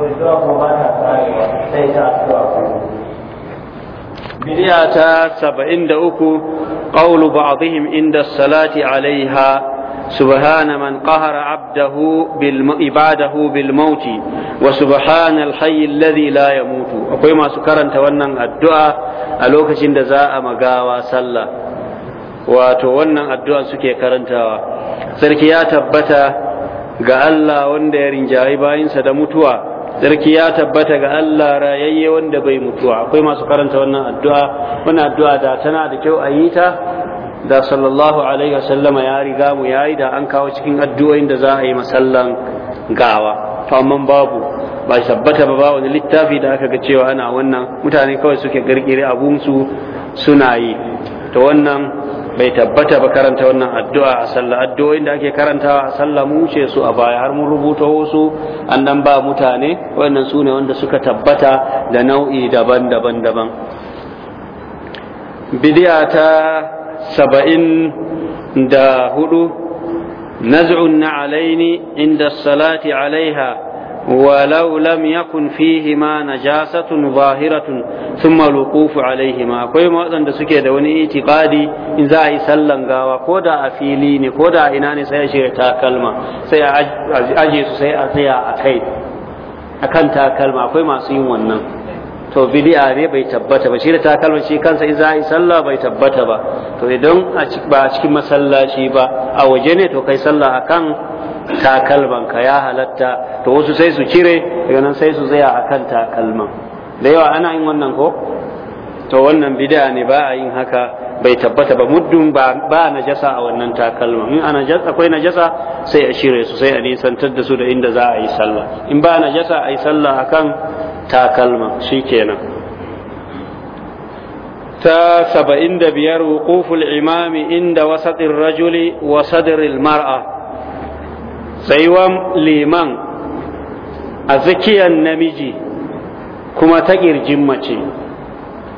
zuwa ta karewa sai ta addu'a saba'in da uku ƙaulu inda salati alaiha سبحان من قهر عبده بالم... عباده بالموت وسبحان الحي الذي لا يموت akwai masu karanta wannan addu'a a lokacin da za a magawa sallah wato wannan addu'a suke karantawa sarki ya tabbata ga Allah wanda ya rinjayi bayinsa da mutuwa sarki ya tabbata ga Allah rayayye wanda bai mutuwa akwai masu karanta wannan addu'a wannan addu'a da tana da kyau a yi ta da sallallahu alaihi wasallam ya riga mu yayi da an kawo cikin addu'o'in da za a yi masallan gawa to amma babu ba tabbata ba wani littafi da aka ga cewa ana wannan mutane kawai suke garkire abun su suna yi to wannan bai tabbata ba karanta wannan addu'a a sallah addu'o'in da ake karantawa a sallah mu ce su a baya har mun rubuta wasu an nan ba mutane wannan su ne wanda suka tabbata da nau'i daban-daban daban bidiya ta saba'in da hudu naz'un na alaini inda salati alaiha ولو لم يكن فيهما نجاسة ظاهرة ثم الوقوف عليهما كوي mawadan da suke da wani itikadi in za a yi sallan gawa ko da a fili ne ko da ina ne sai a shirya takalma sai a aje a to bid'a ne bai tabbata ba shi da takalma shi kansa in za a yi sallah bai tabbata ba to idan ba a cikin masallaci ba a waje ne to kai sallah akan takalmanka ya halatta to wasu sai su cire daga nan sai su tsaya akan takalman da yawa ana yin wannan ko to wannan bid'a ne ba a yin haka bai tabbata ba muddin ba ba najasa a wannan takalma in ana najasa akwai najasa sai a shire su sai a nisantar da su da inda za a yi sallah in ba najasa a yi sallah akan takalma shikenan ta saba'in da biyar wukufu imami inda wasaɗin rajuli wa sadril mar'a tsayuwan liman a tsakiyar namiji kuma ta ƙirjin mace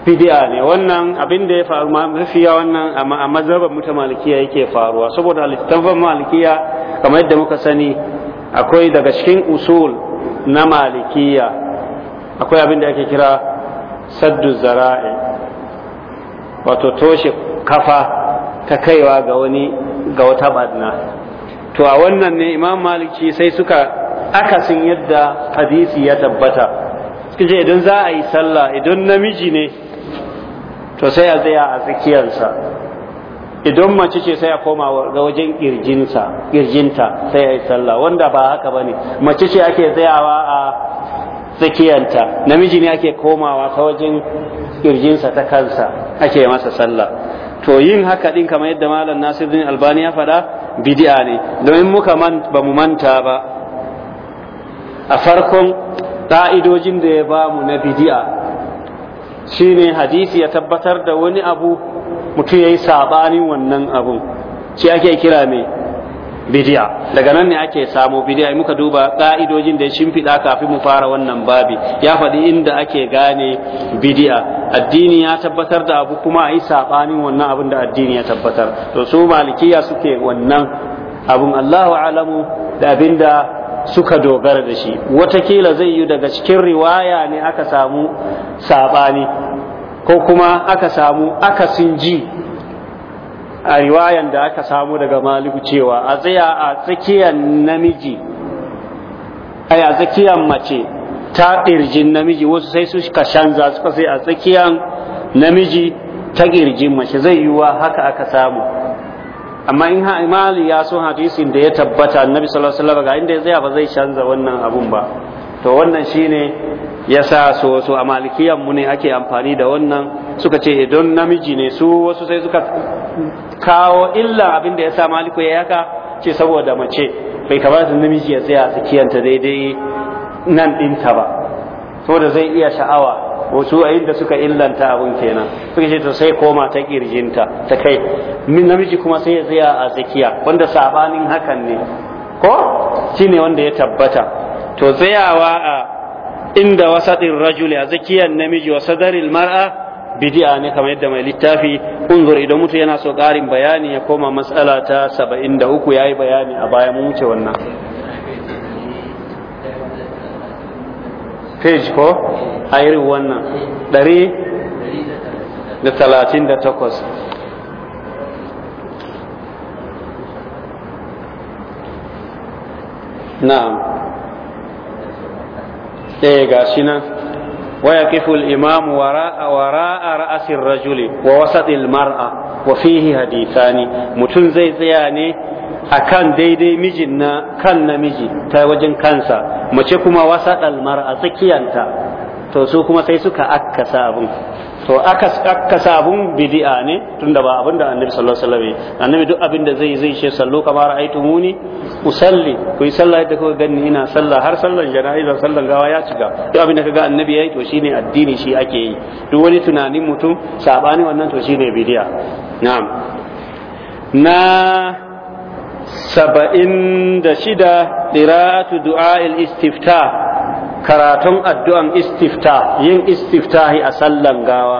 fidiya ne wannan abin da ya faru mafiya wannan a mazhabar mutum malikiya yake faruwa saboda littafin malikiya kamar yadda muka sani akwai daga cikin usul na malikiya akwai abin da ake kira saddu zara'i wato toshe kafa ta kaiwa ga wani ga wata badna to a wannan ne imam maliki sai suka akasin yadda hadisi ya tabbata suka ce idan za a yi sallah idan namiji ne to sai a tsaya a tsakiyarsa idan mace ce sai a koma ga wajen sai a yi sallah wanda ba haka ba ne mace ce ake tsayawa a tsakiyanta namiji ne ake komawa ta wajen kirjinsa ta kansa ake masa sallah to yin haka din kamar yadda malam nasiruddin albani ya faɗa Bidi'a ne domin muka man ba mu manta ba a farkon ƙa'idojin da ya ba mu na bid'a shine hadisi ya tabbatar da wani abu mutum ya yi saɓanin wannan abun shi ake kira mai bidiya daga nan ne ake samu bidiya muka duba ka'idojin da ya shimfiɗa kafin mu fara wannan babi ya faɗi inda ake gane bidiya addini ya tabbatar da abu kuma a yi saɓanin wannan abin da addini ya tabbatar to su malikiya suke wannan abun allahu alamu da abin suka dogara da shi watakila zai yi daga cikin riwaya ne aka samu saɓani ko kuma aka samu akasin ji a riwayan da aka samu daga maliku cewa a tsaya a tsakiyar namiji a tsakiyar mace ta ƙirjin namiji wasu sai su ka canza suka sai a tsakiyar namiji ta ƙirjin mace zai yiwuwa haka aka samu amma in ha imali ya so hadisin da ya tabbata annabi sallallahu alaihi wasallam ga inda ya tsaya ba zai canza wannan abun ba to wannan shine yasa su wasu a malikiyan mu ne ake amfani da wannan suka ce idan eh, namiji ne su wasu sai suka kawo illa abin da sa maliku ya yaka ce saboda mace bai kamata namiji ya tsaya a tsakiyanta daidai nan dinta ba saboda zai iya sha'awa wasu a inda suka illanta abin kenan suka ce to sai koma ta kirjinta ta kai min namiji kuma sai ya tsaya a tsakiya wanda sabanin hakan ne ko ne wanda ya tabbata to tsayawa a inda wasaɗin rajuli a tsakiyar namiji wa sadaril mar'a bidi'a ne kamar yadda mai littafi unzur idan mutu yana so ƙarin bayani ya koma matsala ta saba'in da uku ya yi bayani a baya mun wuce wannan page ko a wannan ɗari da talatin da takwas na'am ɗaya eh, ga shi nan waya kifu al’imamu wara a ra’asin rajuli wa wasaɗin mar’a wa hadisa ne mutum zai tsaya ne a kan daidai mijin na kan namiji ta wajen kansa mace kuma wasaɗin mar’a tsakiyanta to kuma sai suka akkasa abin to aka sabun bidi'a ne tunda ba abin da annabi sallallahu alaihi wasallam annabi duk abin da zai zai ce sallo kamar muni usalli ku yi sallah kuka gani ina sallah har sallan jana'iza sallan gawa ya cika duk abin da kaga annabi yayi to shine addini shi ake yi duk wani tunanin mutum sabani wannan to shine bidi'a na'am na saba'in da shida qira'atu du'a al-istiftah karatun addu'an istifta yin istiftahi a sallan gawa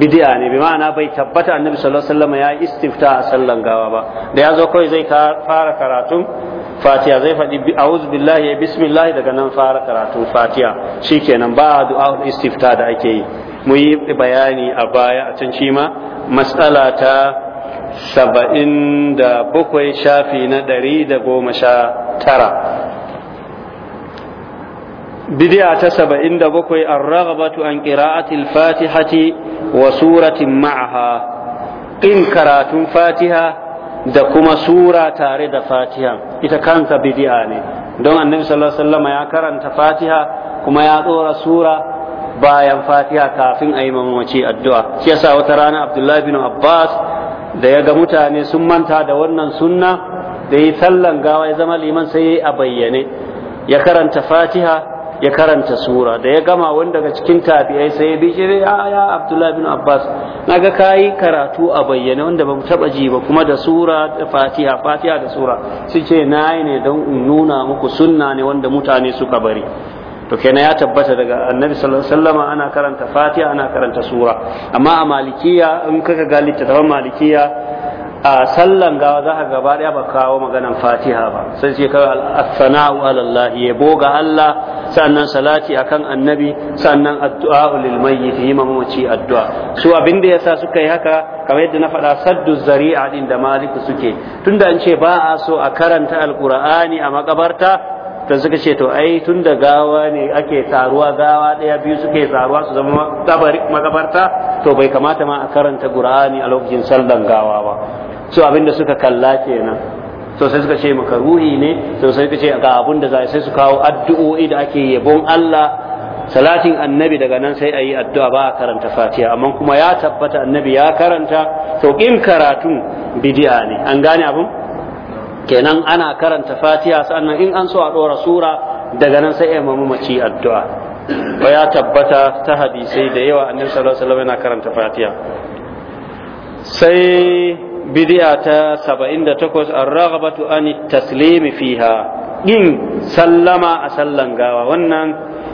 bidiya ne bi ma'ana bai tabbata annabi sallallahu alaihi wasallam ya istifta a sallan gawa ba da ya zo kawai zai fara karatun fatiha zai faɗi a'udhu billahi bismillah daga nan fara karatun fatiha shikenan ba du'a istifta da ake yi mu yi bayani a baya a can cima ma matsala ta saba'in da bakwai shafi na ɗari da goma sha tara bidiya ta saba'in da bakwai an ragabatu an ƙira'atil fatihati wa suratin ma'aha in karatun fatiha da kuma sura tare da fatiha ita kanta Bidiya ne don annabi sallallahu alaihi wasallam ya karanta fatiha kuma ya tsora sura bayan fatiha kafin a yi mamaci addu'a shi yasa wata rana abdullahi bin abbas da ya ga mutane sun manta da wannan sunna da yi sallan gawa ya zama liman sai ya a bayyane ya karanta fatiha ya karanta sura da ya gama wani daga cikin tabi'ai sai ya bi shi ya ya Abdullah bin Abbas na ka kai karatu a bayyane wanda ba mu taba ji ba kuma da sura da Fatiha Fatiha da sura su ce na yi ne don in nuna muku sunna ne wanda mutane suka bari to kenan ya tabbata daga annabi sallallahu ana karanta Fatiha ana karanta sura amma a malikiya in kaga ga littattafan malikiya a sallan gawa za ka gaba ɗaya ba kawo maganan fatiha ba sai ce kawai al-sana'u ala yabo ga Allah sannan salati akan annabi sannan addu'a lil mayyit yi mamaci addu'a su abin da yasa suka yi haka kamar yadda na faɗa saddu a din da maliku suke tunda an ce ba a so a karanta alqur'ani a makabarta da suka ce to ai tun da gawa ne ake taruwa gawa ɗaya biyu suke taruwa su zama makabarta to bai kamata ma a karanta qur'ani a lokacin sallan gawa ba su abinda suka kalla kenan to sai suka ce makaruhi ne to sai suka ce ga abin da za sai su kawo addu'o'i da ake yabon Allah salatin annabi daga nan sai a addu'a ba a karanta fatiha amma kuma ya tabbata annabi ya karanta to in karatun bidi'a ne an gane abin kenan ana karanta fatiha sannan in an so a ɗora sura daga nan sai a mamaci addu'a ba ya tabbata ta hadisai da yawa annabi sallallahu alaihi wasallam yana karanta fatiha sai bidiya ta 78 ar a an taslimi fiha yin sallama a sallan gawa wannan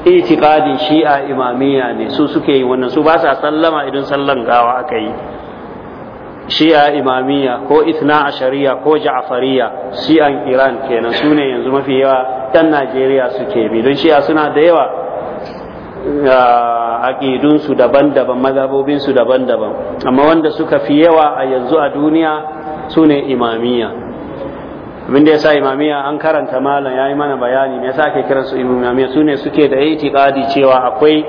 itiqadin shi'a imamiyya ne su suke yi wannan su ba sa sallama idan sallan gawa aka yi shi'a imamiyya ko a ashariya ko ja'fariya shi'an iran kenan su ne yanzu mafi yawa yan najeriya suke bi don shi'a suna da yawa aƙidunsu daban-daban mazhabobinsu daban-daban amma wanda suka fi yawa a yanzu a duniya su ne imamiyya abinda ya sa imamiyya an karanta malam ya yi mana bayani me yasa ake kiransu imamiyya su ne suke da itikadi cewa akwai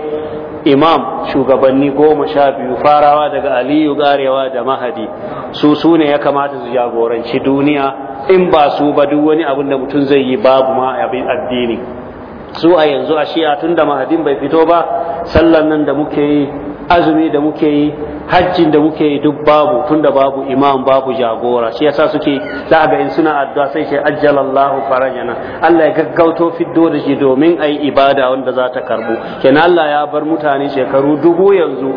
imam shugabanni goma sha biyu farawa daga aliyu garewa da mahadi su sune ya kamata su jagoranci duniya in ba su ba duk wani abin da mutum zai yi babu ma abin addini su a yanzu a shi'a tun da mahadin bai fito ba sallan nan da muke yi azumi da muke yi hajjin da muke yi duk babu tun da babu imam babu jagora shi yasa suke za ga in suna addu'a sai shi ajjalallahu farajana Allah ya gaggauto fiddo da shi domin a yi ibada wanda za ta karbu kenan Allah ya bar mutane shekaru dubu yanzu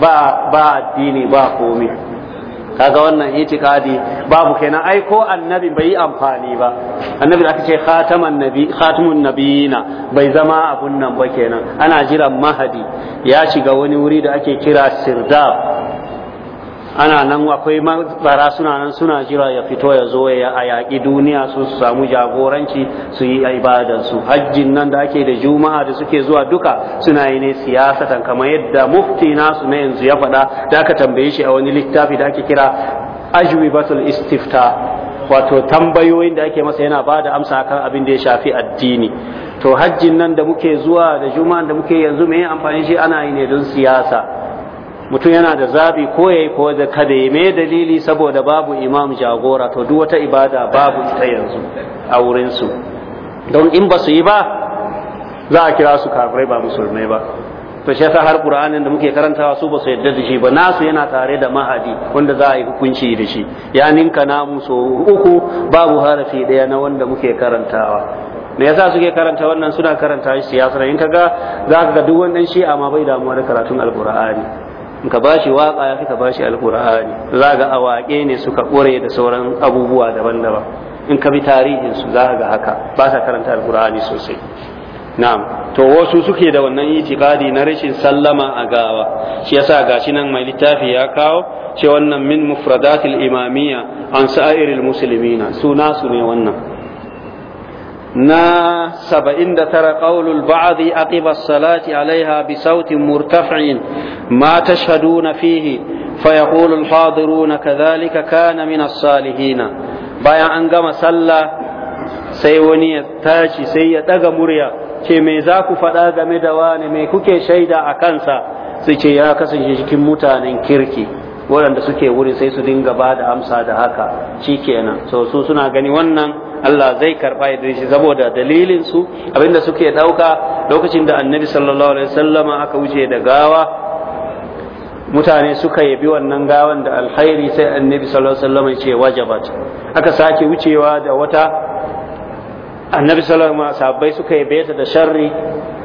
ba ba addini ba komai kaga wannan itikadi babu kenan ai ko annabi bai yi amfani ba annabi da aka ce khataman nabi khatamun nabiyina bai zama abun nan ba kenan ana jiran mahadi ya shiga wani wuri da ake kira sirdab ana nan akwai matsara suna nan suna jira ya fito ya zo ya yaƙi duniya su samu jagoranci su yi ibadarsu. hajjin nan da ake da juma'a da suke zuwa duka suna yi ne siyasatan kamar yadda mufti nasu na yanzu ya faɗa da aka tambaye shi a wani littafi da ake kira ajwibatul istifta wato tambayoyin da ake masa yana ba da amsa kan abin da ya shafi addini to hajjin nan da muke zuwa da juma'a da muke yanzu me amfani shi ana yi ne don siyasa mutum yana da zabi ko ya yi ko da kada ya me dalili saboda babu imam jagora to duk wata ibada babu ita yanzu a wurinsu. don in ba su yi ba za a kira su kafirai ba musulmai ba to shi yasa har qur'anin da muke karantawa su ba su yadda da shi ba nasu yana tare da mahadi wanda za a yi hukunci da shi ya ninka namu so uku babu harafi daya na wanda muke karantawa me yasa suke karanta wannan suna karanta shi siyasar in kaga za ka ga duk wannan shi amma bai damuwa da karatun alqur'ani ka bashi waka ya fi ka bashi alkur'ani za ga awaƙe ne suka ƙure da sauran abubuwa daban-daban in ka bi tarihin su ka ga haka ba sa karanta alkur'ani sosai na'am to wasu suke da wannan itikadi na rashin sallama a gawa shi yasa gashi nan mai littafi ya kawo ce wannan min mufradatil imamiyya an sa'iril muslimina su ne wannan na saba'in da tara ƙaunul ba'adi a ƙibar salati alaiha bisautin sautin murtafin ma ta shaɗu na fihi faya ƙunul faduru na ka ka na minas salihina bayan an gama sallah sai wani ya tashi sai ya ɗaga murya ce me za ku faɗa game da wani mai kuke shaida a kansa su ce ya kasance cikin mutanen kirki waɗanda suke wuri sai su dinga bada amsa da haka shikenan so su suna gani wannan Allah zai karba ya shi saboda dalilin su abinda suke dauka lokacin da annabi sallallahu alaihi wasallama aka wuce da gawa mutane suka yabi wannan gawan da alkhairi sai annabi sallallahu alaihi wasallama ce wajabat aka sake wucewa da wata annabi sallallahu alaihi wasallama sahabbai suka yabe ta da sharri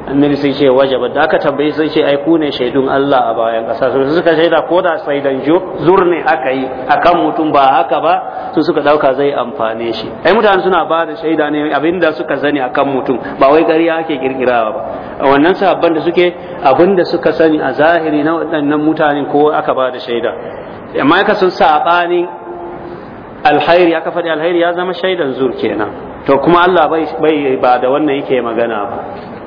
annabi sai ce wajaba da aka tambayi sai ce ai ku ne shaidun Allah a bayan kasa. su suka shaida ko da sai dan zur ne aka yi akan mutum ba haka ba su suka dauka zai amfane shi ai mutane suna ba da shaida ne abinda suka sani akan mutum ba wai ƙarya ake kirkirawa ba wannan sahabban da suke abinda suka sani a zahiri na waɗannan mutane ko aka ba da shaida amma aka sun sabanin alhairi aka faɗi alhairi ya zama shaidan zur kenan to kuma Allah bai ba da wannan yake magana ba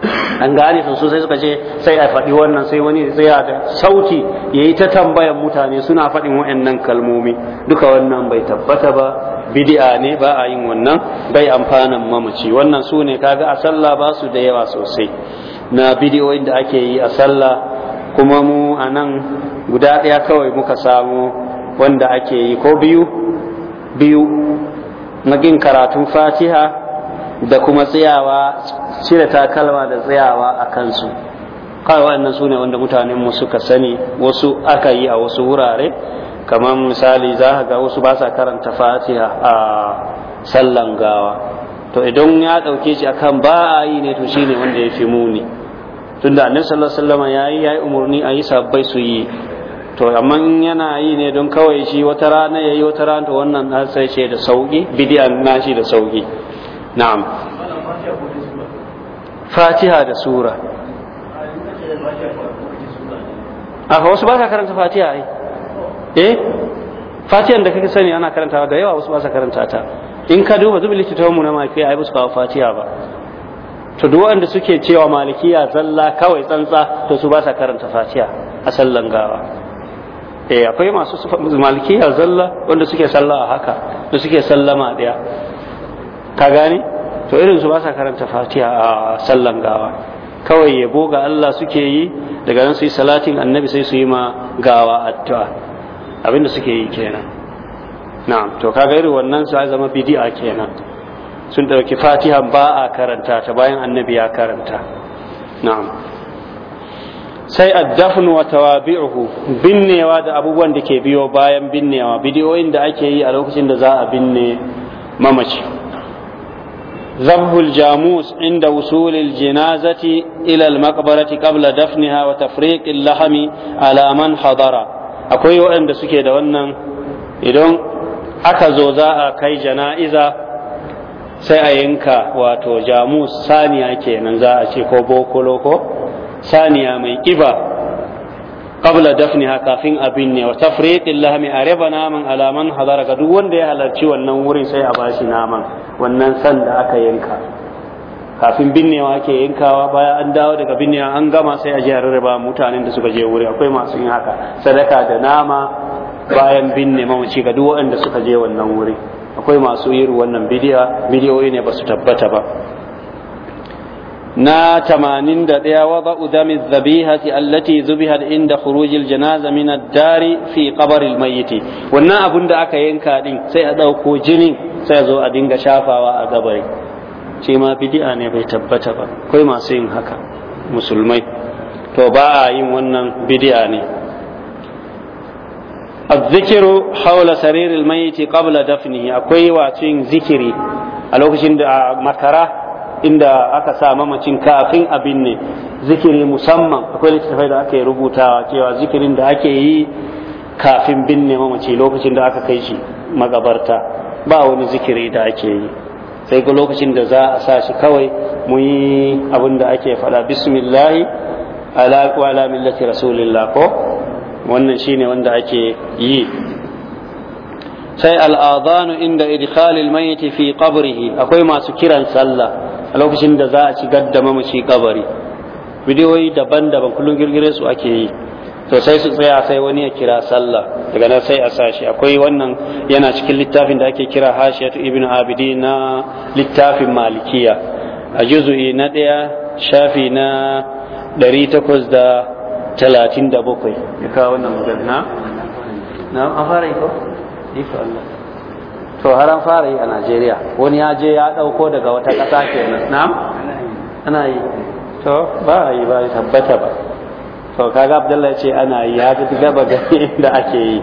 an gane su sosai suka ce sai a faɗi wannan sai wani sai da sauti ya yi ta tambayan mutane suna faɗin wa'annan kalmomi duka wannan bai tabbata ba bidi'a ne ba a yin wannan bai amfanan mamaci wannan su ne kaga a sallah ba su da yawa sosai na bidiyoyin da ake yi a sallah kuma mu a nan guda ɗaya kawai muka samu wanda ake yi ko biyu biyu karatun fatiha da kuma tsayawa cire takalma da tsayawa a kansu kawai waɗannan su ne wanda mutanenmu suka sani wasu aka yi a wasu wurare kamar misali za ga wasu ba sa karanta fatiha a sallan gawa to idan ya ɗauke shi akan ba a yi ne to shi ne wanda ya fi muni tunda annabi sallallahu alaihi wasallam yayi yayi umurni a yi sabbai su yi to amma in yana yi ne don kawai shi wata rana yayi wata rana to wannan an sai da sauki bid'an nashi da sauki na'am fatiha da sura a ah, wasu ba sa karanta fatiha ai eh fatihan da kake sani ana karanta karantawa da yawa wasu ba sa karanta ta in ka duba zubin littattafan mu na mafi ai su kawo fatiha ba to duk wanda suke cewa malikiya zalla kawai tsantsa to su ba sa karanta fatiha a sallan gawa eh akwai masu malikiya zalla wanda suke sallah haka da suke sallama daya ka gane to irin su ba sa karanta fatiha a sallan gawa kawai yabo ga Allah suke yi daga nan su yi salatin annabi sai su yi ma gawa addu'a abinda suke yi kenan na'am to kaga irin wannan su zama bid'a kenan sun dauki fatiha ba a karanta ta bayan annabi ya karanta na'am sai addafnu wa tawabi'uhu binnewa da abubuwan da ke biyo bayan binnewa bidiyoyin da ake yi a lokacin da za a binne mamaci ذبح الجاموس عند وصول الجنازة إلى المقبرة قبل دفنها وتفريق اللحم على من حضر أكوي وأن سكي دوانا إذن أكزو زاء كي جنائزة سأينكا واتو جاموس ثانية كي ننزاء شكو بوكو لوكو ثانية من إبا qabla dafniha kafin a ne wa tafriqil lahmi a raba naman alaman hadara ga duk wanda ya halarci wannan wurin sai a bashi naman wannan san da aka yanka kafin binnewa ake yankawa bayan an dawo daga binnewa an gama sai a je a rarraba mutanen da suka je wuri akwai masu yin haka sadaka da nama bayan binne mamaci ga duk waɗanda suka je wannan wuri akwai masu yin wannan bidiyoyi ne ba su tabbata ba na tamanin da ɗaya wada udami zabihati allati zubihat inda khurujil janaza min dari fi qabaril mayyiti wannan abun da aka yanka din sai a ɗauko jinin sai a zo a dinga shafawa a gabari shi ma ne bai tabbata ba kai masu yin haka musulmai to ba a yin wannan bid'a ne الذكر حول سرير الميت قبل دفنه أكوي واتين ذكري a lokacin da makara inda aka sa mamacin kafin abin ne zikiri musamman akwai littattafai da aka yi rubutawa cewa zikirin da ake yi kafin binne mamaci lokacin da aka kai shi magabarta ba wani zikiri da ake yi sai ga lokacin da za a sa shi kawai mu yi abin da ake faɗa bismillahi ala wa ala millati rasulillah ko wannan shine wanda ake yi sai al'adhanu inda idkhalil mayyit fi qabrihi akwai masu kiran sallah a lokacin da za a ci shigar da mamaci kabari bidiyoyi daban-daban kullum girgire su ake yi to sai su tsaya sai wani ya kira sallah daga nan sai a sashi akwai wannan yana cikin littafin da ake kira hashiyatu ibn abidi na littafin malikiya a juzu'i na ɗaya shafi na 837 ya kawo wannan magana na an fara yi ko? Allah to har an fara yi a najeriya wani ya je ya ɗauko daga wata ƙasa kenan na ana yi to ba a yi ba tabbata ba to kaga abdullahi ce ana yi ya fi gaba gani da ake yi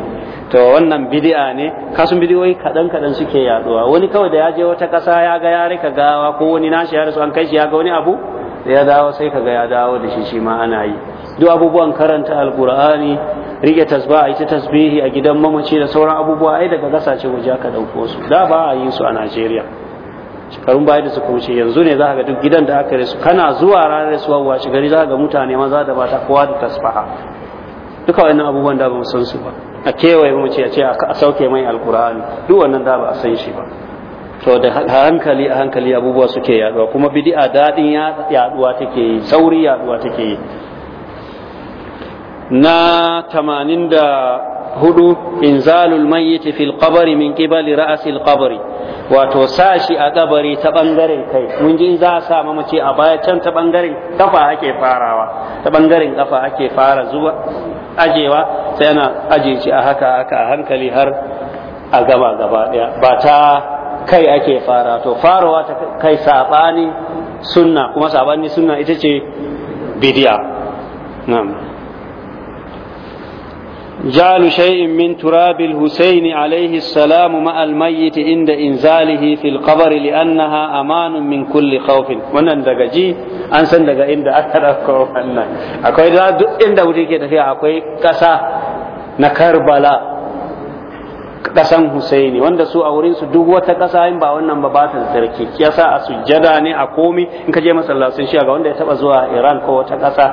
to wannan bidi'a ne Kasu bidiyoyi kaɗan kadan suke yaduwa wani kawai da ya je wata kasa ya ga ya rika gawa ko wani nashi ya rasu an kai shi ya ga wani abu ya dawo sai ka ga ya dawo da shi shi ma ana yi duk abubuwan karanta alkur'ani rike tasba a ita tasbihi a gidan mamaci da sauran abubuwa ai daga gasace waje aka dauko su da ba a yi su a Najeriya shekarun baya da suka wuce yanzu ne za ga duk gidan da aka rasu kana zuwa ranar rasuwa washe gari za ga mutane maza da mata kowa da tasbaha duka wannan abubuwan da ba mu san su ba a kewaye mu ce a ce a sauke mai alkur'ani duk wannan da ba a san shi ba to da hankali a hankali abubuwa suke yaduwa kuma bid'a dadin yaduwa take yi sauri yaduwa take yi na tamanin da hudu inzalul mayyiti fil qabri min qibali ra'sil qabri wato sashi a kabari ta bangaren kai mun ji za a sa mamace a baya can ta bangaren kafa ake farawa ta bangaren kafa ake fara zuwa ajewa sai ana aje shi a haka haka a hankali har a gama gaba daya ba ta kai ake fara to farawa ta kai sabani sunna kuma sabani sunna ita ce bidiya na'am جعل شيء من تراب الحسين عليه السلام مع الميت عند انزاله في القبر لانها امان من كل خوف wannan daga ji an san daga inda aka dauko wannan akwai da duk inda wuri ke tafiya akwai kasa na Karbala kasan Husaini wanda su a wurin su duk wata kasa in ba wannan ba ba ta sarki yasa a sujjada ne a komi in ka je masallacin shi ga wanda ya taba zuwa Iran ko wata kasa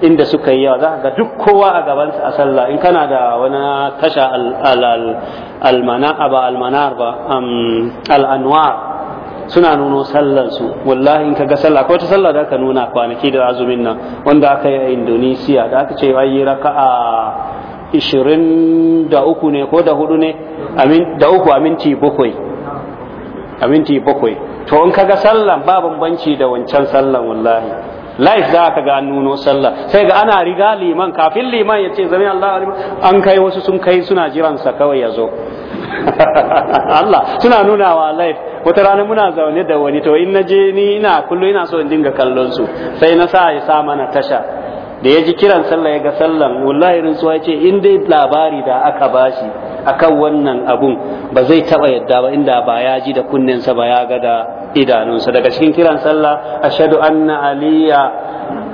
inda suka yi yawa za ga duk kowa a gabansa a sallah in kana da wani tasha almanar ba almanar ba al'anwar suna nuno su wallahi in ka ga sallah ko ta sallah da ka nuna kwanaki da azumin nan wanda aka yi a indonesia da aka ce ayi raka'a ishirin da uku ne ko da hudu ne da uku aminti bakwai aminti bakwai to in kaga sallan ba bambanci da wancan sallan wallahi live za ka ga nuno sallah sai ga ana riga liman kafin liman ya ce zami Allah an kai wasu sun kai suna jiran sa kawai ya zo Allah suna nunawa laif. wata rana muna zaune da wani to in naje ni ina kullu ina so in dinga kallon su sai na sa ya sa mana tasha da ya ji kiran sallah ya ga sallan wallahi rinsuwa ya ce in dai labari da aka bashi akan wannan abun ba zai taba yadda ba inda ba ya ji da kunnensa ba ya ga da idanunsa daga cikin kiran sallah ashhadu anna aliya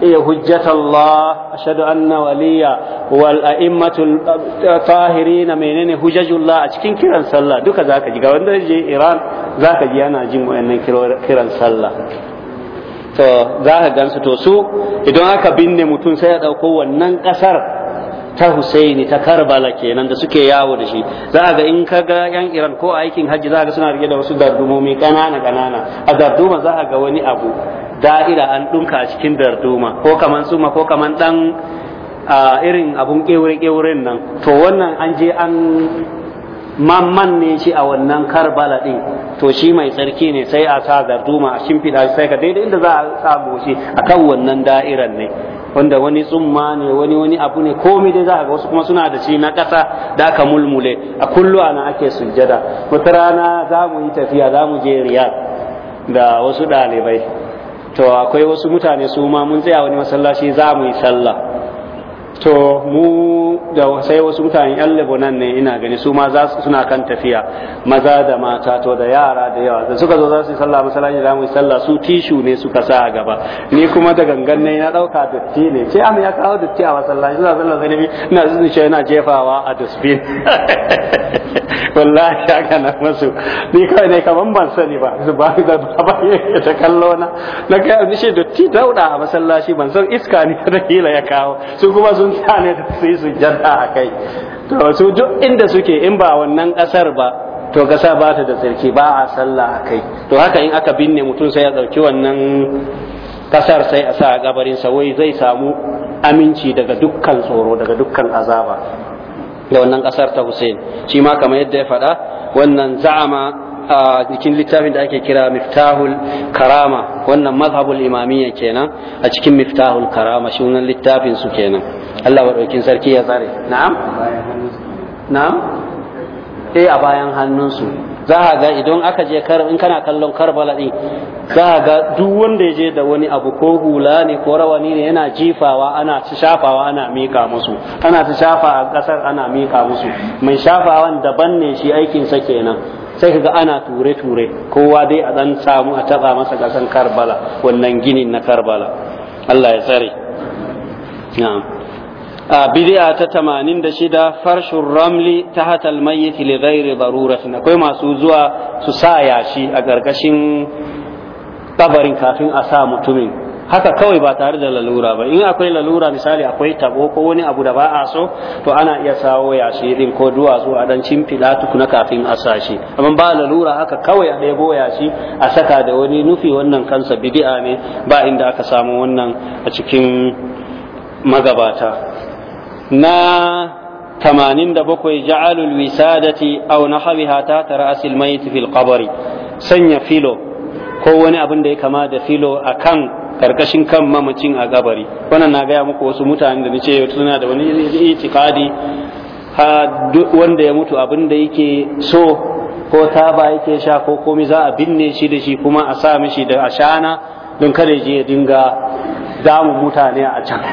ya eh, hujjatallah ashhadu anna waliya wal a'immatul eh, tahirin menene Allah a cikin kiran sallah duka zaka ji ga wanda je Iran zaka ji yana jin wayannan kiran sallah to za ka gansu to su idan aka binne mutum sai ya dauko wannan kasar ta Husaini ta Karbala kenan da suke yawo da shi za ga in ka ga yan Iran ko aikin hajji za ga suna rike da wasu dardumomi kanana kanana a darduma za ga wani abu da'ira an dunka a cikin darduma ko kaman suma ko kaman dan irin abun kewure-kewuren nan to wannan an je an mamman ne shi a wannan karbala din to shi mai tsarki ne sai a sa darduma a shimfiɗa sai ka daidai inda za a samu shi akan wannan da'iran ne wanda wani tsumma ne wani wani abu ne komai dai za ga wasu kuma suna da shi na ƙasa da aka mulmule a kullu ana ake sujjada wata rana za mu yi tafiya za mu je riyad da wasu ɗalibai to akwai wasu mutane su ma mun tsaya wani masallaci za mu yi sallah to mu da sai wasu mutane yan lebanon ne ina gani su ma za su suna kan tafiya maza da mata to da yara da yawa da suka zo za su yi sallah masallaci da mu yi sallah su tishu ne suka sa a gaba ni kuma da gangan ne na dauka datti ne sai amma ya kawo datti a masallaci suna sallah sai ina zuwa shi yana jefawa a dustbin wallahi ya na musu ni kawai ne kaman ban sani ba su ba da ba ya ta kallo na na kai almishi datti dauda a masallaci ban san iska ne da kila ya kawo su kuma su sun sa ne su yi sujjada a kai to su duk inda suke in ba wannan kasar ba to kasa ba ta da tsarki ba a sallah a kai to haka in aka binne mutum sai ya ɗauki wannan kasar sai a sa a gabarin sa wai zai samu aminci daga dukkan tsoro daga dukkan azaba da wannan kasar ta Hussein shi ma kamar yadda ya faɗa wannan za'ama a cikin littafin da ake kira miftahul karama wannan mazhabul imamiyya kenan a cikin miftahul karama shi wannan littafin su kenan Allah madaukin sarki ya tsare na'am na'am eh a bayan hannunsu za a ga idan aka je kar in kana kallon karbala din za a ga duk wanda ya je da wani abu ko hula ne ko rawani ne yana jifawa ana ci shafawa ana mika musu ana ci shafa a kasar ana mika musu mai shafawan daban ne shi aikinsa kenan sai ka ga ana ture-ture kowa dai a dan samu a taɓa masa ƙasan karbala wannan ginin na karbala Allah ya tsare a bid'a ta shida farshin ramli ta hatal mayyit li ghairi daruratin akwai masu zuwa su sa yashi a ƙarƙashin kabarin kafin a sa mutumin haka kawai ba tare da lalura ba in akwai lalura misali akwai tabo ko wani abu da ba a so to ana iya sawo yashi din ko duwatsu a dan cimfila tukuna kafin a sashi amma ba lalura haka kawai a ɗebo yashi a saka da wani nufi wannan kansa bidi'a ne ba inda aka samu wannan a cikin magabata na tamanin da bakwai ja'alul wisadati aw nahawiha ta tara asil mayit fil qabri sanya filo ko wani abin da ya kama da filo akan karkashin kan mamacin a gabari wannan na gaya muku wasu mutane da nace suna da wani itikadi ha wanda ya mutu abin da yake so ko taba yake sha ko komai za a binne shi da shi kuma a sa mishi da ashana don kada je ya dinga damun mutane a can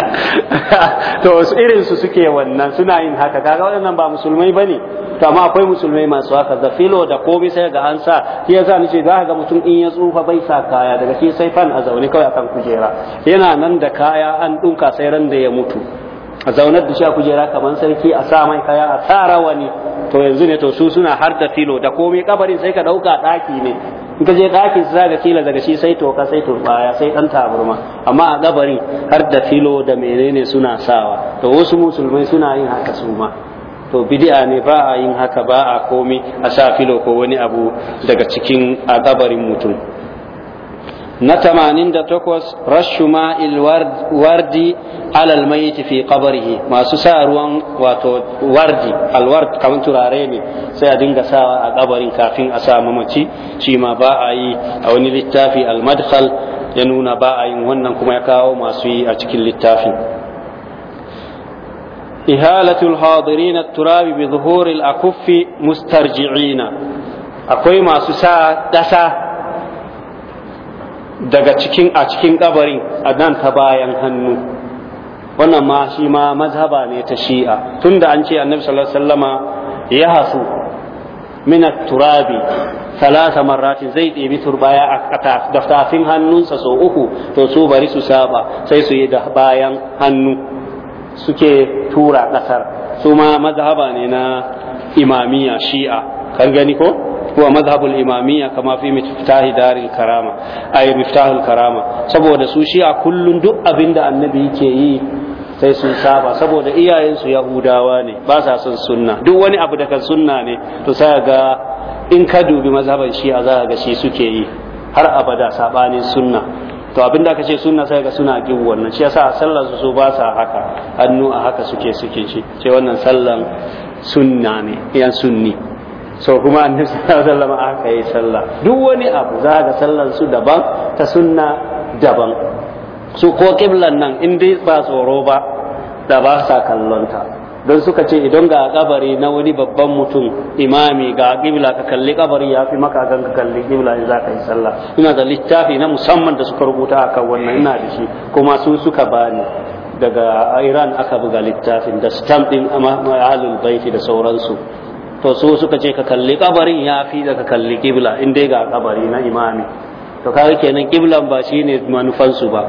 to irin su suke wannan suna yin haka kaga waɗannan ba musulmai bane to amma akwai musulmai masu haka da filo da komai sai ga an sa shi yasa ni ce za ga mutum in ya tsufa bai sa kaya daga shi sai fan a zaune kawai akan kujera yana nan da kaya an dunka sai ran da ya mutu a zaunar da shi a kujera kamar sarki a sa mai kaya a sa rawani to yanzu ne to su suna har da filo da komai kabarin sai ka dauka ɗaki ne in ka je ɗakin za ga kila daga shi sai toka sai turbaya sai ɗan taburma amma a gabari har da filo da menene suna sawa to wasu musulmai suna yin haka su ma to bid'a ne ba a yin haka ba a komi a sa filo ko wani abu daga cikin a gabarin mutum na tamanin da takwas rashu ma'il wardi alal fi masu sa ruwan wato wardi alward kamar turare ne sai a dinga sawa a kabarin kafin a sa mamaci shi ma ba a yi a wani littafi almadkhal ya nuna ba a yin wannan kuma ya kawo masu yi a cikin littafin turabi الحاضرين التراب بظهور الأكف mustarjiina akwai masu sa dasa. daga cikin a cikin kabarin a nan ta bayan hannu wannan ma shi ma mazhaba ne ta shi'a tunda an ce annabi sallallahu alaihi wasallama ya hasu min turabi salasa marratin zai ɗebi turbaya a daftafin hannunsa sau uku to su bari su saba sai su yi da bayan hannu suke tura ƙasar su ma mazhaba ne na imamiya shi'a kan gani ko huwa mazhabul imamiyya kama fi miftahi daril karama ay miftahul karama saboda su shi a kullun duk abinda annabi yake yi sai sun saba saboda iyayensu yahudawa ne ba sa son sunna duk wani abu da kan sunna ne to sai ga in ka dubi mazhaban shi a za ga shi suke yi har abada sabanin sunna to abin da aka ce sunna sai ga suna kin wannan shi yasa sallar su so ba sa haka hannu a haka suke suke shi ce wannan sallan sunna ne yan sunni so kuma annabi sallallahu alaihi wasallam aka yi sallah duk wani abu za ga sallar su daban ta sunna daban su ko kiblan nan in dai ba tsoro ba da ba sa kallonta don suka ce idan ga kabari na wani babban mutum imami ga kibla ka kalli kabari ya fi maka ganka kalli kibla in za ka yi sallah ina da littafi na musamman da suka rubuta a kan wannan ina da shi kuma su suka bani daga iran aka buga littafin da stamp din ahlul baiti da sauransu to su suka ce ka kalli kabarin ya fi da ka kalli kibla in dai ga kabari na imami to kaga kenan kiblan ba shine manufansu ba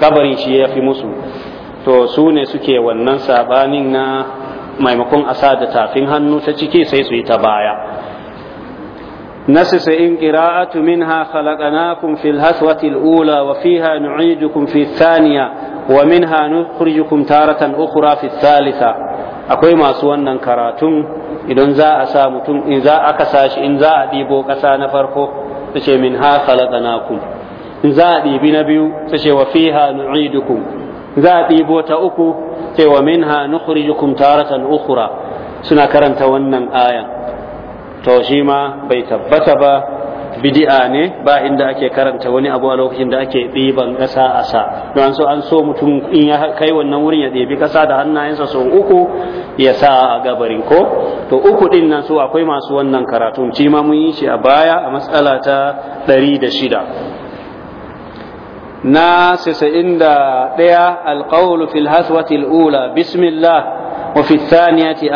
kabarin shi ya fi musu to su ne suke wannan sabanin na maimakon asa da tafin hannu ta ciki sai su yi ta baya نسس إن قراءة منها خلقناكم في الهثوة الأولى وفيها نعيدكم في الثانية ومنها نخرجكم تارة أخرى في الثالثة أقوي ما سوانا كراتم idan za a sa mutum in za a kasa shi in za a ɗibo ƙasa na farko ta ce min ha khalaqnakum in za a ɗibi na biyu ta ce wa fiha nu'idukum za a ɗibo ta uku ce wa minha nukhrijukum taratan ukhra suna karanta wannan ayan to shi ma bai tabbata ba Bidi'a ne ba inda ake karanta wani abu a lokacin da ake ɗiban ƙasa a sa don an so an so mutum in ya kai wannan wurin ya ɗebi kasa da hannayensa sau uku ya sa a gabarin ko to uku ɗin nan so akwai masu wannan karatun shi ma mun yi shi a baya a matsala ta ɗari da shida na sisa'in da ɗaya alƙawul fil haswati al'ula bismillah wa fi thaniyati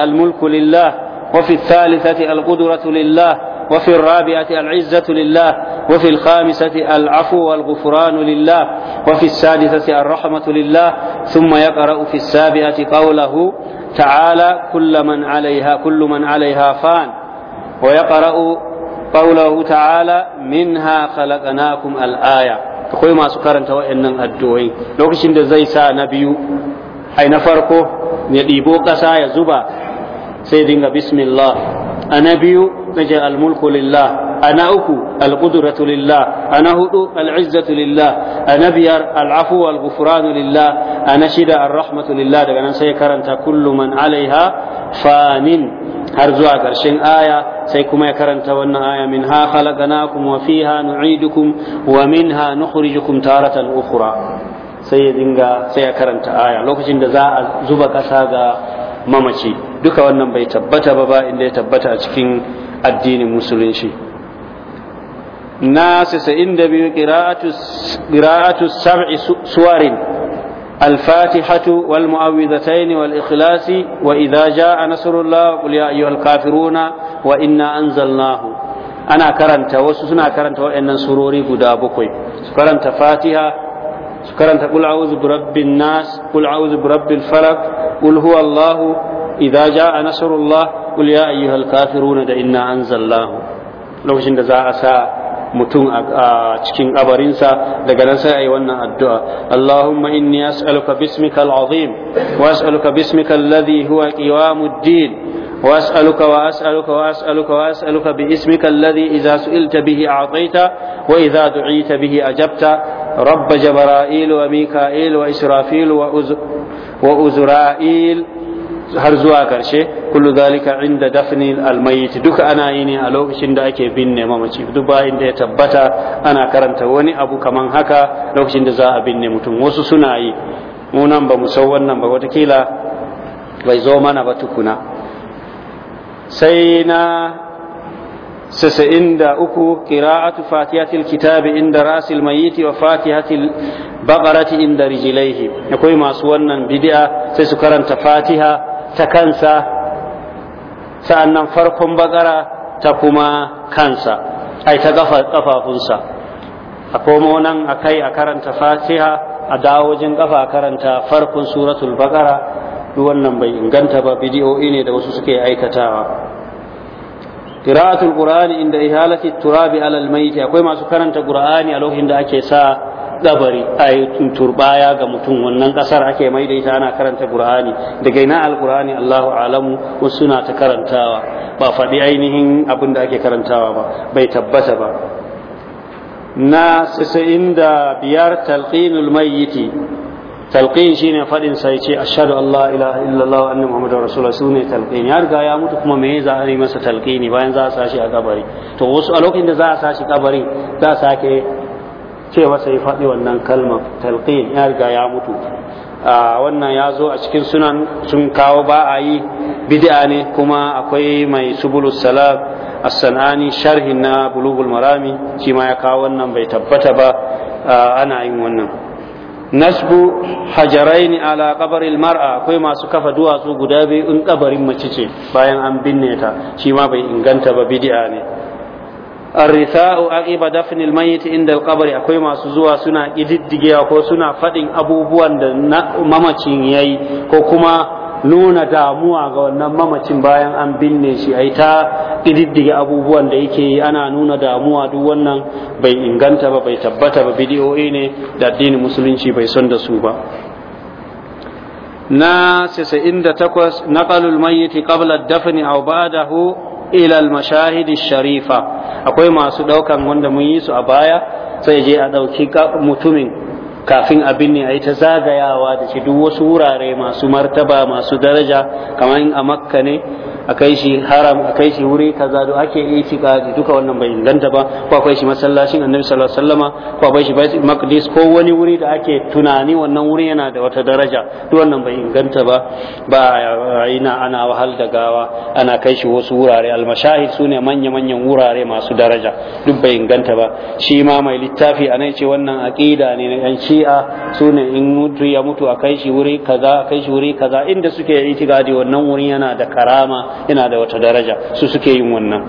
وفي الثالثة القدرة لله وفي الرابعة العزة لله وفي الخامسة العفو والغفران لله وفي السادسة الرحمة لله ثم يقرأ في السابعة قوله تعالى كل من عليها كل من عليها فان ويقرأ قوله تعالى منها خلقناكم الآية akwai masu karanta waɗannan addu'o'i lokacin da zai sa na biyu ai na farko ya ɗibo ƙasa ya zuba sai dinga bismillah ana biyu na je almulku lillah ana na uku alqudratu lillah a hudu al'izzatu lillah ana biyar al'afu wal ghufranu lillah a shida ar-rahmatu lillah daga nan sai karanta kullu man alaiha fanin har zuwa karshen aya sai kuma ya karanta wannan aya min ha khalaqnakum wa fiha nu'idukum wa minha nukhrijukum taratan ukhra sai ya dinga sai ya karanta aya lokacin da za a zuba ƙasa ga mamaci duka wannan bai tabbata ba ba inda ya tabbata a cikin addinin musulunci na 92 qira'atu sab'i suwarin الفاتحة والمعوذتين والإخلاص وإذا جاء نصر الله قل يا أيها الكافرون وإنا أنزلناه أنا كرنت وسنا كرنت وإن سروري قدا بكوي كرنت فاتحة كرنت قل أعوذ برب الناس قل أعوذ برب الفلق قل هو الله idza jaa nasrullah qul ya ayyuhal kafiruna da inna anzalnahu lokacin da za a sa mutum a cikin abarinsa daga nan sai ayi wannan addu'a Allahumma inni as'aluka bismika al-azim wa as'aluka bismika alladhi huwa qiyamuddin واسالك واسالك واسالك واسالك باسمك الذي اذا سئلت به اعطيت واذا دعيت به اجبت wa جبرائيل wa واسرافيل wa وازرائيل har zuwa karshe kullu zalika inda dafni almayyit duka ana yi ne a lokacin da ake binne mamaci duk bayan da ya tabbata ana karanta wani abu kaman haka lokacin da za a binne mutum wasu suna yi mu nan ba mu san wannan ba watakila bai zo mana ba tukuna sai na سسئن دا أكو قراءة فاتحة الكتاب عند رأس الميت وفاتحة البقرة عند رجليه يقول ما sai su karanta fatiha. ta kansa sa'annan farkon bakara ta kuma kansa ai ta kafafunsa a komo nan a kai a karanta fatiha a dawojin kafa a karanta farkon suratul bakara wannan bai inganta ba bidiyo'i ne da wasu suke aikatawa qira'atul qur'ani inda ihalati turabi alal akwai masu karanta qur'ani a lokacin da ake sa a yi turbaya ga mutum wannan kasar ake mai da ita ana karanta qur'ani daga ina alqur'ani Allahu alamu wasu suna ta karantawa ba faɗi ainihin abin da ake karantawa ba bai tabbata ba na da biyar talqinul mayyiti talqin shine faɗin sai ce ashhadu an la ilaha illallah wa anna muhammadar rasulullah sune talqin ya riga ya mutu kuma me za a yi masa talqini bayan za a sashi a kabari to wasu a lokacin da za a sashi kabarin za a sake ce masa ya faɗi wannan kalmar talqin ya riga ya mutu A wannan ya zo a cikin sunan sun kawo ba a yi bid'a ne kuma akwai mai subulus salaf as-sanani sharhin na bulugul marami shi ma ya kawo wannan bai tabbata ba ana yin wannan nasbu hajarain ala qabril mar'a akwai masu kafa duwatsu guda biyu in kabarin mace ce bayan an binne ta shi ma bai inganta ba bid'a ne arrisa'u aqiba dafnil mayyit inda alqabri akwai masu zuwa suna kididdigewa ko suna fadin abubuwan da mamacin yayi ko kuma nuna damuwa ga wannan mamacin bayan an binne shi ai ta kididdige abubuwan da yake yi ana nuna damuwa duk wannan bai inganta ba bai tabbata ba bidiyoyi ne da addinin musulunci bai son da su ba na 98 naqalul mayyit qabla dafni aw ba'dahu ilal al sharifa akwai masu daukan wanda mun yi su a baya sai je a ɗauki mutumin kafin abin ne a yi ta zagayawa da shi duk wasu wurare masu martaba masu daraja kamar a makka ne a kai shi haram a kai shi wuri kaza da ake itikadi duka wannan bai inganta ba ko akwai shi masallacin annabi sallallahu alaihi wasallama ko akwai shi bai maqdis ko wani wuri da ake tunani wannan wuri yana da wata daraja duk wannan bai inganta ba ba ina ana wahal da gawa ana kai shi wasu wurare almashahid sune manya manyan wurare masu daraja duk bai inganta ba shi ma mai littafi anai ce wannan aqida ne na yan shi'a sune in mutu ya mutu a kai shi wuri kaza a kai shi wuri kaza inda suke itikadi wannan wurin yana da karama ina da wata daraja su suke yin wannan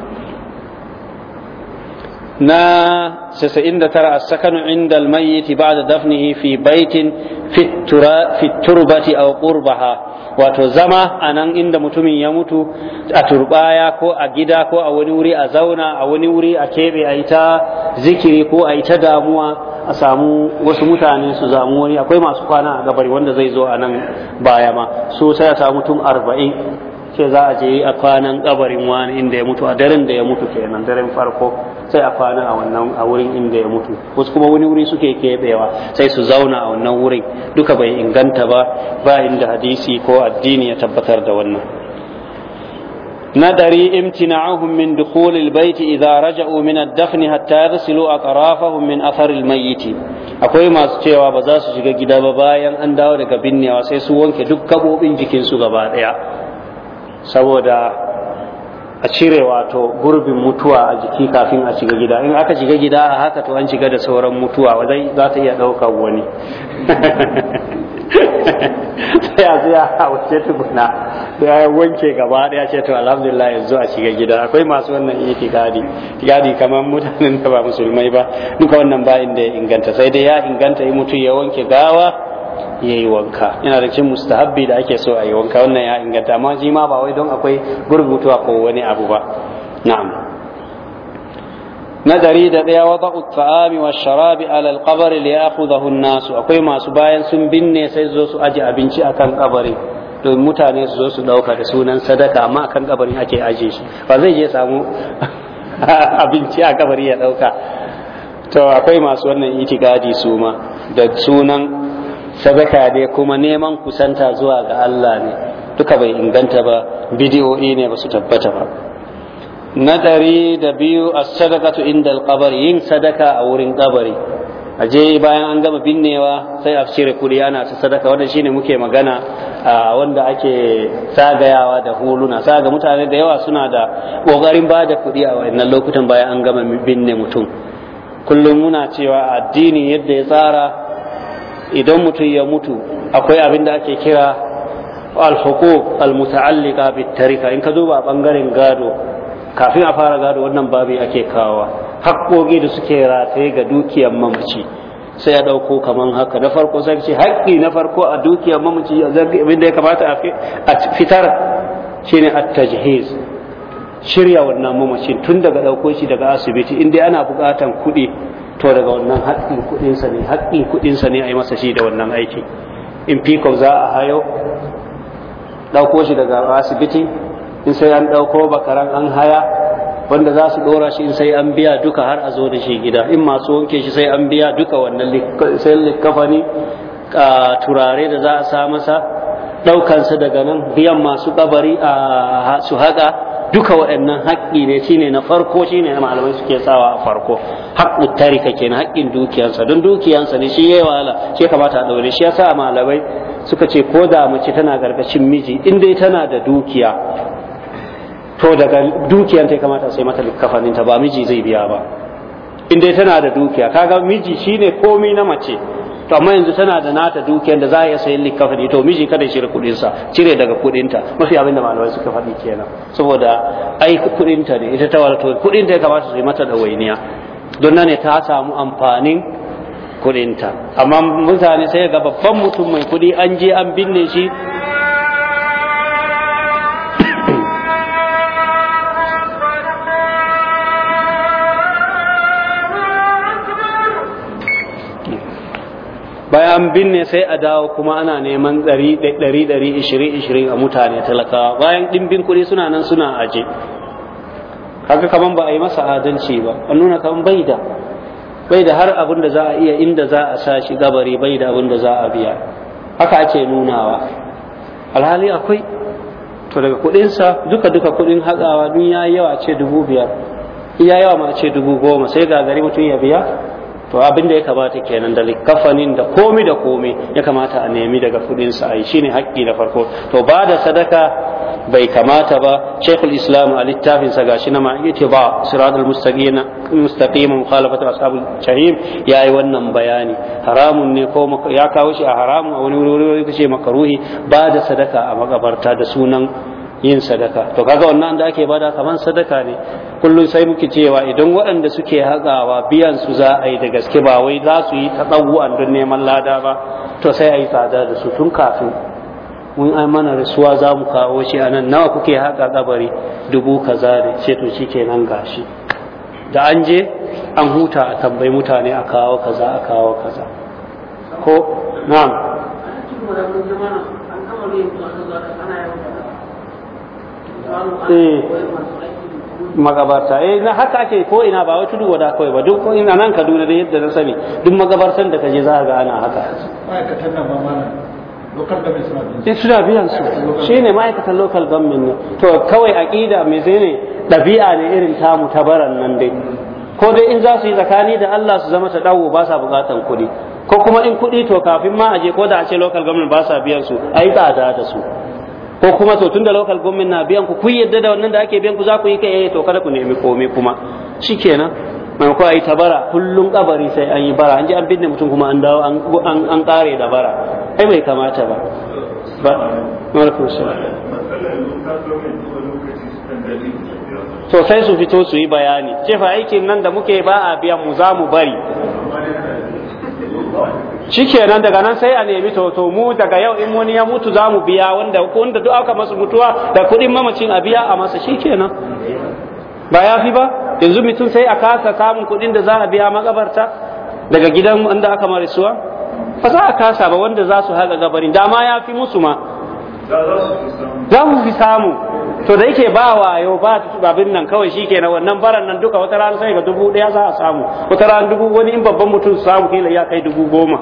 na tara a sakanu inda al-mayyit ba'da dafnihi fi baitin fi turbati aw qurbaha wato zama a nan inda mutumin ya mutu a turbaya ko a gida ko a wani wuri a zauna a wani wuri a keɓe a ita zikiri ko a ita damuwa a samu wasu mutane su zamu wani akwai masu kwana a gabari wanda zai zo a nan baya ma so sai a samu arba'in ce za a je a kwanan kabarin wani inda ya mutu a daren da ya mutu kenan daren farko sai a kwana a wannan a wurin inda ya mutu wasu kuma wani wuri suke keɓewa sai su zauna a wannan wurin duka bai inganta ba ba inda hadisi ko addini ya tabbatar da wannan ندري امتناعهم من دخول البيت إذا رجعوا من الدفن حتى يغسلوا أطرافهم من أثر الميت akwai masu cewa ba za su shiga gida ba bayan an dawo daga binnewa sai su wanke duk gabobin jikinsu gaba daya saboda a cire wato gurbin mutuwa a jiki kafin a shiga gida in aka shiga gida a haka to an shiga da sauran mutuwa zai za ta iya ɗaukar wani sai a a wace tukuna ya wanke gaba daya ce to alhamdulillah yanzu a shiga gida akwai masu wannan tigadi tigadi kamar mutanen da ba musulmai ba duka wannan ba inda ya inganta sai dai ya inganta in mutum ya wanke gawa ya yi wanka yana da cin mustahabbi da ake so a yi wanka wannan ya inganta amma ji ma ba wai don akwai gurgutuwa ko wani abu ba na'am nazari da daya wata utfa'ami wa sharabi ala alqabar li ya'khudahu an-nas akwai masu bayan sun binne sai zo su aje abinci akan kabari domin mutane su zo su dauka da sunan sadaka amma akan kabarin ake aje shi ba zai je samu abinci a kabari ya dauka to akwai masu wannan itikadi su ma da sunan sadaka ne kuma neman kusanta zuwa ga Allah ne duka bai inganta ba bidiyoyi ne ba su tabbata ba na ɗari da biyu a sadakatu inda alƙabar yin sadaka a wurin ƙabari a je bayan an gama binnewa sai a cire kuɗi ana ta sadaka wanda shine muke magana a wanda ake sagayawa da huluna saga mutane da yawa suna da ƙoƙarin ba da kuɗi a wannan lokutan bayan an gama binne mutum kullum muna cewa addini yadda ya tsara idan mutum ya mutu akwai abin da ake kira al almuta'allika al bit-tarika in ka zo ba bangaren gado kafin a fara gado wannan babi ake kawa haƙƙoƙi da suke rataye ga dukiyar mamaci sai ya ɗauko kaman haka na farko sai ce haƙƙi na farko a dukiyar mamaci abin da ya kamata a fitar shine at-tajhiz shirya wannan mamacin tun daga ɗauko shi daga asibiti in ana buƙatan kuɗi to daga wannan haƙƙin kuɗinsa ne haƙƙin kuɗinsa ne a yi masa shi da wannan aiki in fikon za a hayo ɗauko shi daga asibiti in sai an ɗauko bakaran an haya wanda za su ɗora shi in sai an biya duka har a zo da shi gida in masu wanke shi sai an biya duka wannan sai likafani a turare da za a sa masa ɗaukansa daga nan biyan masu ƙabari a su haƙa duka waɗannan haƙƙi ne shine na farko shine malamai suke tsawa a farko haƙƙu tarika na haƙƙin dukiyansa don dukiyansa ne shi yi wahala shi kamata a ɗaure shi ya sa malamai suka ce ko da mace tana gargashin miji in dai tana da dukiya to daga dukiyanta ya kamata sai mata kafaninta ba miji zai biya ba in dai tana da dukiya kaga miji shine komai na mace to amma yanzu tana da nata dukiyar da za a sayan likafani to miji kada shi da kudinsa sa cire daga kudinta mafi abin da malamai suka faɗi kenan saboda ai kudinta ne ita ta wato kudinta ta ya kamata su yi mata wainiya. don nan ne ta samu amfanin kudinta amma mutane sai ga babban mutum mai kudi an je an binne shi bayan binne sai a dawo kuma ana neman ɗari ɗari ishirin ishirin a mutane talakawa bayan ɗimbin kuɗi suna nan suna aje Haka kaman ba a yi masa adalci ba a nuna kaman bai da har abin da za a iya inda za a sa shi gabari bai da abin da za a biya haka ake nunawa alhali akwai to daga kuɗinsa duka duka kuɗin hakawa dun ya yawa ce dubu biyar iya yawa ma ce dubu goma sai ga gari mutum ya biya to abin da ya kamata kenan da kafanin da komi da komi ya kamata a nemi daga kudin sa ai shine haƙƙi na farko to ba da sadaka bai kamata ba Sheikhul Islam a littafin sa gashi na yace ba siratul mustaqim mustaqim mukhalafatu ashabul jahim yayi wannan bayani haramun ne ko ya kawo shi a haramun a wani wuri kace makaruhi ba da sadaka a makabarta da sunan yin sadaka to kaga wannan da ake bada kaman sadaka ne kullum sai muke cewa idan waɗanda suke haƙawa biyan su za a yi da gaske ba wai za su yi ta taɗawu'an don neman lada ba to sai a yi tsada da su tun kafin mun ai mana rasuwa za mu kawo shi a nan nawa kuke haka kabari dubu kaza ne ce to shi kenan gashi da an je an huta a tambayi mutane a kawo kaza a kawo kaza ko na'am eh magabarta eh na haka ake ko ina ba wai tudu wada kawai ba duk ko ina nan Kaduna da yadda na sani duk magabartan da kaje za ka ga ana haka ma'aikatan nan ba ma local government suna eh, biyan su shine ma'aikatan local government ne to kawai aqida me ne dabi'a ne irin tamu ta baran nan dai ko dai in za su yi tsakani da Allah su zama ta dawo ba sa bukatan kuɗi ko kuma in kuɗi to kafin ma aje ko da a ce local government ba sa biyan su ayi tsada da su ko kuma to tunda local government na biyan ku kun yadda da wannan da ake biyan ku za ku yi kai eh, to kada ku nemi komai kuma shikenan mai ko ai tabara kullun kabari sai an yi bara an je an binne mutum kuma an dawo an an kare da bara ai bai kamata ba ba alaikum to sai su fito su yi bayani ce fa aikin nan da muke ba a biyan mu za mu bari shikenan daga nan sai a nemi toto mu daga yau in wani ya mutu zamu biya wanda wanda duk aka masa mutuwa da kuɗin mamacin a biya a masa shikenan ba ya fi ba yanzu mutum sai a kasa samun kuɗin da za a biya makabarta daga gidan wanda aka marisuwa ba za a kasa ba wanda za su haƙa gabarin dama ya fi musu ma za mu fi samu to da yake ba wayo ba babin nan kawai shi na wannan baran nan duka wata rana sai ga dubu ɗaya za a samu wata rana dubu wani in babban mutum su samu kila ya kai dubu goma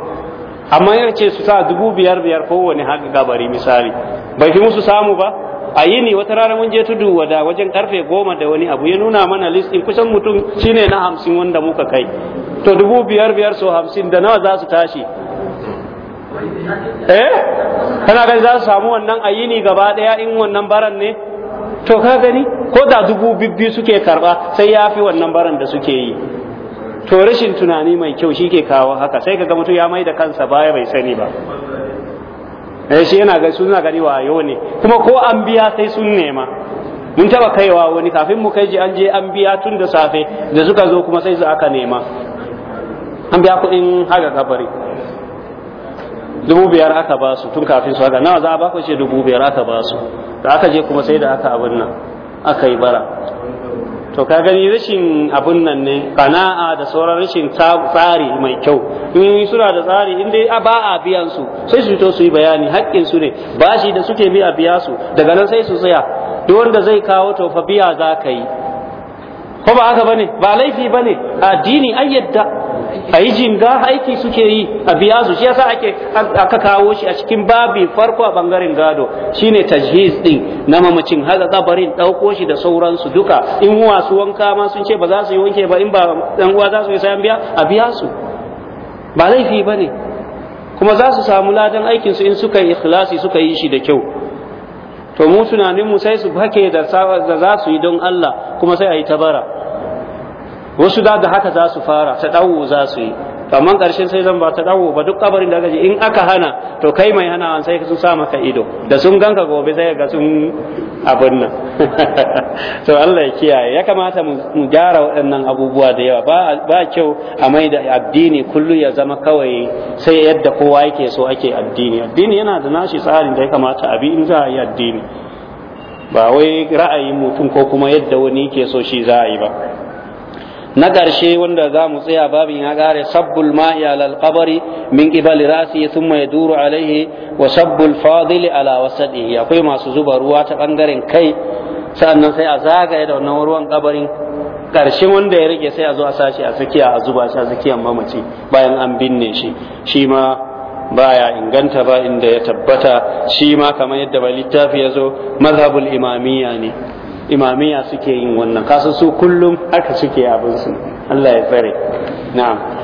amma ya ce su sa dubu biyar biyar kowane haka gabari misali bai fi musu samu ba a yi ne wata rana mun je tudu wada wajen karfe goma da wani abu ya nuna mana listin kusan mutum shine na hamsin wanda muka kai to dubu biyar biyar so hamsin da nawa za su tashi eh kana ganin za su samu wannan ayini gaba daya in wannan baran ne to ka gani ko da dubu bibbi suke karba sai ya fi wannan baran da suke yi to rashin tunani mai kyau shi ke kawo haka sai ka ga mutum ya mai da kansa baya bai sani ba eh shi yana ga suna gani wayo ne kuma ko an biya sai sun nema mun taba kaiwa wani kafin mu kai ji an je an biya tun da safe da suka zo kuma sai su aka nema an biya kuɗin haka kabari dubu biyar aka ba su tun kafin su haka nawa za a ba ce dubu biyar aka ba su da aka je kuma sai da aka abin nan aka yi bara to ka gani rashin abin nan ne kana'a da sauran rashin tsari mai kyau in suna da tsari in dai ba a biyan su sai su fito su yi bayani haƙƙin su ne bashi da suke bi a biya su daga nan sai su tsaya duk wanda zai kawo to fa biya za ka yi ko ba haka bane ba laifi bane addini an yadda a yi jinga aiki suke yi a biya su shi yasa ake aka kawo shi a cikin babi farko a bangaren gado shine tajhiz ɗin na mamacin haza tsabarin ɗauko shi da sauransu duka in su wanka ma sun ce ba za su yi wanke ba in ba ɗan uwa za su yi sayan biya a biya su ba laifi ba ne. kuma za su samu ladan aikinsu in suka yi ikhlasi suka yi shi da kyau to mu tunanin mu sai su hake da za su yi don Allah kuma sai a yi tabara wasu da da haka za su fara ta dawo za su yi amma ƙarshen sai zan ba ta dawo ba duk kabarin da gaji in aka hana to kai mai hana hanawa sai sun sa maka ido da sun ganka gobe sai ga sun abin nan to Allah ya kiyaye ya kamata mu gyara waɗannan abubuwa da yawa ba kyau a mai da addini kullu ya zama kawai sai yadda kowa yake so ake addini addini yana da nashi tsarin da ya kamata a bi in za a yi addini ba wai ra'ayin mutum ko kuma yadda wani ke so shi za a yi ba na ƙarshe wanda za mu tsaya babin ya ƙare sabbul ma'i alal qabari min qibal rasi mai duru alaihi wa sabbul fadili ala wasadihi akwai masu zuba ruwa ta bangaren kai sannan sai a zagaye da wannan ruwan ƙabarin. ƙarshen wanda ya rike sai a zo a sashi a tsakiya a zuba shi a tsakiyar mamaci bayan an binne shi shi ma baya inganta ba inda ya tabbata shi ma kamar yadda ba littafi ya zo mazhabul imamiyya ne imamiya suke yin wannan kasan kullum haka suke abin su Allah ya tsare na'am